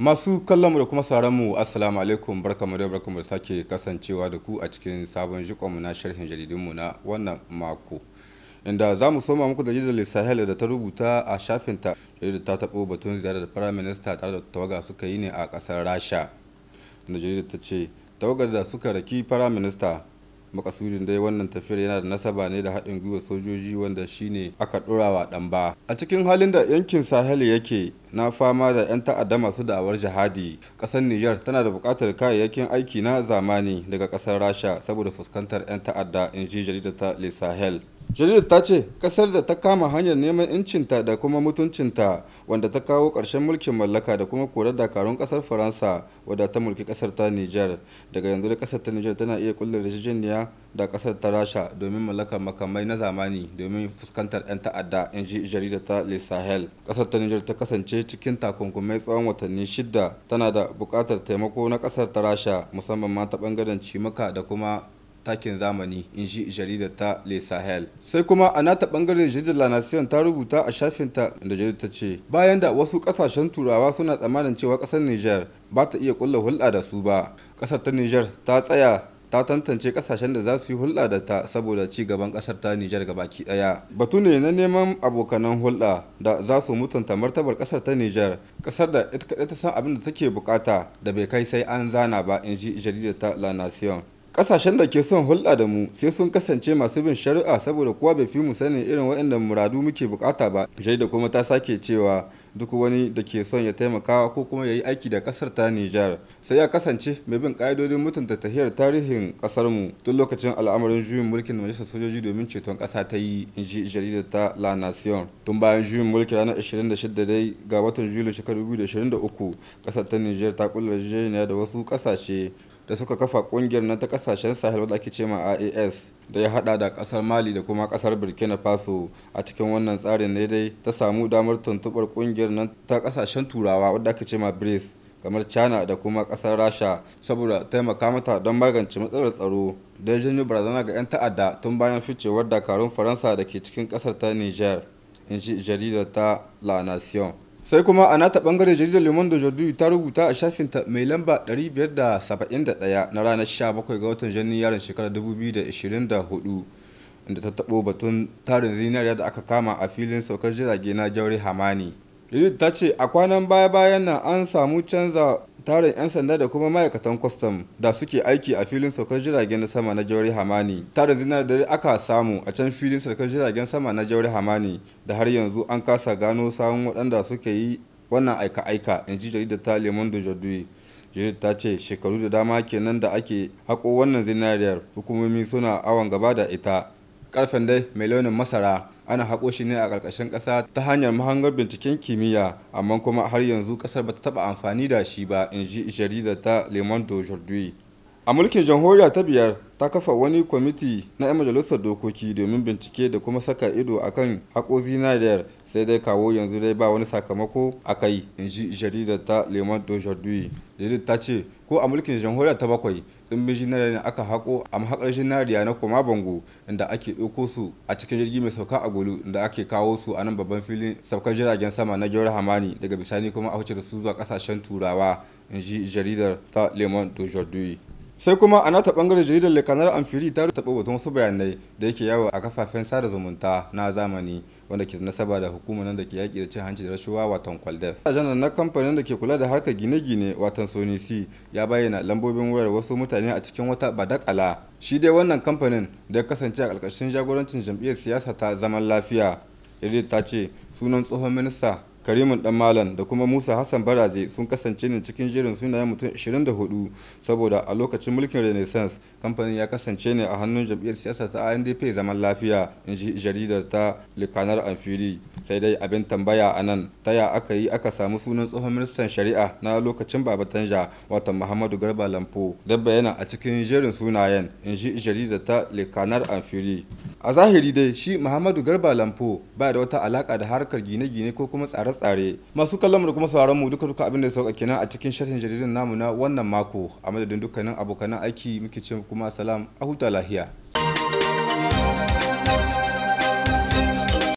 masu kallonmu da kuma sauranmu assalamu alaikum barkamu da barkamu da sake kasancewa da ku a cikin sabon jikonmu na sharhin jaridunmu na wannan mako inda za mu soma muku da jizali sahel da ta rubuta a shafinta jaridar ta taɓo batun ziyarar da prime minister tare da tawaga suka yi ne a ƙasar rasha da jaridar ta ce tawagar da suka raki prime minister makasudin dai wannan tafiyar yana da nasaba ne da haɗin gwiwar sojoji wanda shine aka ɗorawa ɗan ba a cikin halin da yankin sahel yake na fama da 'yan ta'adda masu da'awar jihadi ƙasar niger tana da buƙatar kayayyakin aiki na zamani daga ƙasar rasha saboda fuskantar 'yan ta'adda in ji jaridar ta le sahel jaridar ta ce kasar da ta kama hanyar neman incinta da kuma mutuncinta wanda ta kawo ƙarshen mulkin mallaka da kuma korar dakarun kasar faransa wadda ta mulki kasar ta nijar daga yanzu da kasar ta nijar tana iya kulle yarjejeniya da kasar ta rasha domin mallakar makamai na zamani domin fuskantar 'yan ta'adda in ji jaridar ta le sahel kasar ta nijar ta kasance cikin takunkumai tsawon watanni shida tana da bukatar taimako na kasar ta rasha musamman ma ta bangaren cimaka da kuma takin zamani in ji jarida ta le sahel sai kuma a nata bangaren jaridar la nation ta rubuta a shafinta da jaridar ta ce bayan da wasu kasashen turawa suna tsammanin cewa kasar niger ba ta iya kulla hulɗa da su ba kasar ta niger ta tsaya ta tantance kasashen da za su yi hulɗa da ta saboda ci gaban kasar ta niger ga baki ɗaya. Batu ne na neman abokanan hulɗa da za su mutunta martabar kasar ta niger kasar da ita kaɗai ta san abin da take bukata da bai kai sai an zana ba in ji jaridar ta La Nation. kasashen da ke son hulɗa da mu sai sun kasance masu bin shari'a saboda kowa bai fi mu sani irin waɗanda muradu muke bukata ba da kuma ta sake cewa duk wani da ke son ya taimaka ko kuma ya yi aiki da kasar ta nijar sai ya kasance mai bin ƙa'idodin mutunta tahiyar tarihin kasar mu tun lokacin al'amarin juyin mulkin majalisar sojoji domin ceton ƙasa ta yi in ji jaridar ta la nation tun bayan juyin mulki ranar 26 dai ga watan ashirin shekarar 2023 ƙasar ta nijar ta kulla da wasu kasashe. da suka kafa kungiyar na ta kasashen sahel wadda ake cema ias da ya hada da kasar mali da kuma kasar burkina faso a cikin wannan tsarin ne dai ta samu damar tuntubar kungiyar nan ta kasashen turawa wadda ake cema brics kamar china da kuma kasar rasha saboda taimaka mata don magance matsalar tsaro don janyo barazana ga 'yan ta'adda tun bayan ficewar dakarun faransa da ke cikin kasar ta niger in ji jaridar ta la sai kuma a nata bangare jaridar lemon da jordu ta rubuta a shafinta mai lamba 571 na ranar 17 ga watan janairun shekarar 2024 inda ta tabo batun tarin zinariya da aka kama a filin saukar jirage na jauri hamani jirgin ta ce a kwanan baya-bayan nan an samu canza tarin 'yan sanda da kuma ma'aikatan kwastam da suke aiki a filin saukar jiragen sama na jauri hamani tarin zinar da aka samu a can filin saukar jiragen sama na jauri hamani da har yanzu an kasa gano sahun waɗanda suke yi wannan aika-aika in ji jaridar ta lemon da jadui jirgin ta ce shekaru da dama kenan da ake hako wannan zinariyar hukumomi suna awon gaba da ita karfen dai mai launin masara ana haƙo shi ne a ƙarƙashin ƙasa ta hanyar mahangar binciken kimiyya amma kuma har yanzu ƙasar ba ta taɓa amfani da shi ba in ji jarida ta le monde a mulkin jamhuriya ta biyar ta kafa wani kwamiti na 'yan majalisar dokoki domin bincike da kuma saka ido a kan haƙo zinariyar sai dai kawo yanzu dai ba wani sakamako a kai in ji jaridar ta leman dojardui jaridar ta ce ko a mulkin jamhuriyar ta bakwai ɗimbin zinariya ne aka haƙo a mahaƙar zinariya na koma bango inda ake ɗauko su a cikin jirgi mai sauka a gulu inda ake kawo su a nan babban filin saukar jiragen sama na jawar hamani daga bisani kuma a wuce da su zuwa ƙasashen turawa in ji jaridar ta leman dojardui sai kuma a nata bangaren jaridar kanar amfiri ta taɓa batun wasu bayanai da yake yawo a kafafen sada zumunta na zamani wanda ke nasaba da hukumar nan da ke yaƙi da cin hanci da rashuwa watan kwaldef a janar na kamfanin da ke kula da harkar gine-gine watan c ya bayyana lambobin wayar wasu mutane a cikin wata badakala shi dai wannan kamfanin da ya kasance a ƙarƙashin jagorancin jam'iyyar siyasa ta zaman lafiya irid ta ce sunan tsohon minista karimun dan malam da kuma musa hassan baraje sun kasance ne cikin jerin sunayen mutum 24 saboda a lokacin mulkin renaissance kamfanin ya kasance ne a hannun jam'iyyar siyasa ta ndp zaman lafiya in ji jaridar ta likanar amfiri sai dai abin tambaya a nan ta ya aka yi aka samu sunan tsohon ministan shari'a na lokacin baba tanja wato muhammadu garba lampo dabba yana a cikin jerin sunayen in ji jaridar ta likanar amfiri a zahiri dai shi muhammadu garba lamfo ba da wata alaka da harkar gine-gine ko kuma tsare-tsare masu kallon da kuma sauraron mu duka duka abin da sauka kenan a cikin shirin jaridan namu na wannan mako a madadin dukkanin abokanan aiki muke ce kuma salam a huta lahiya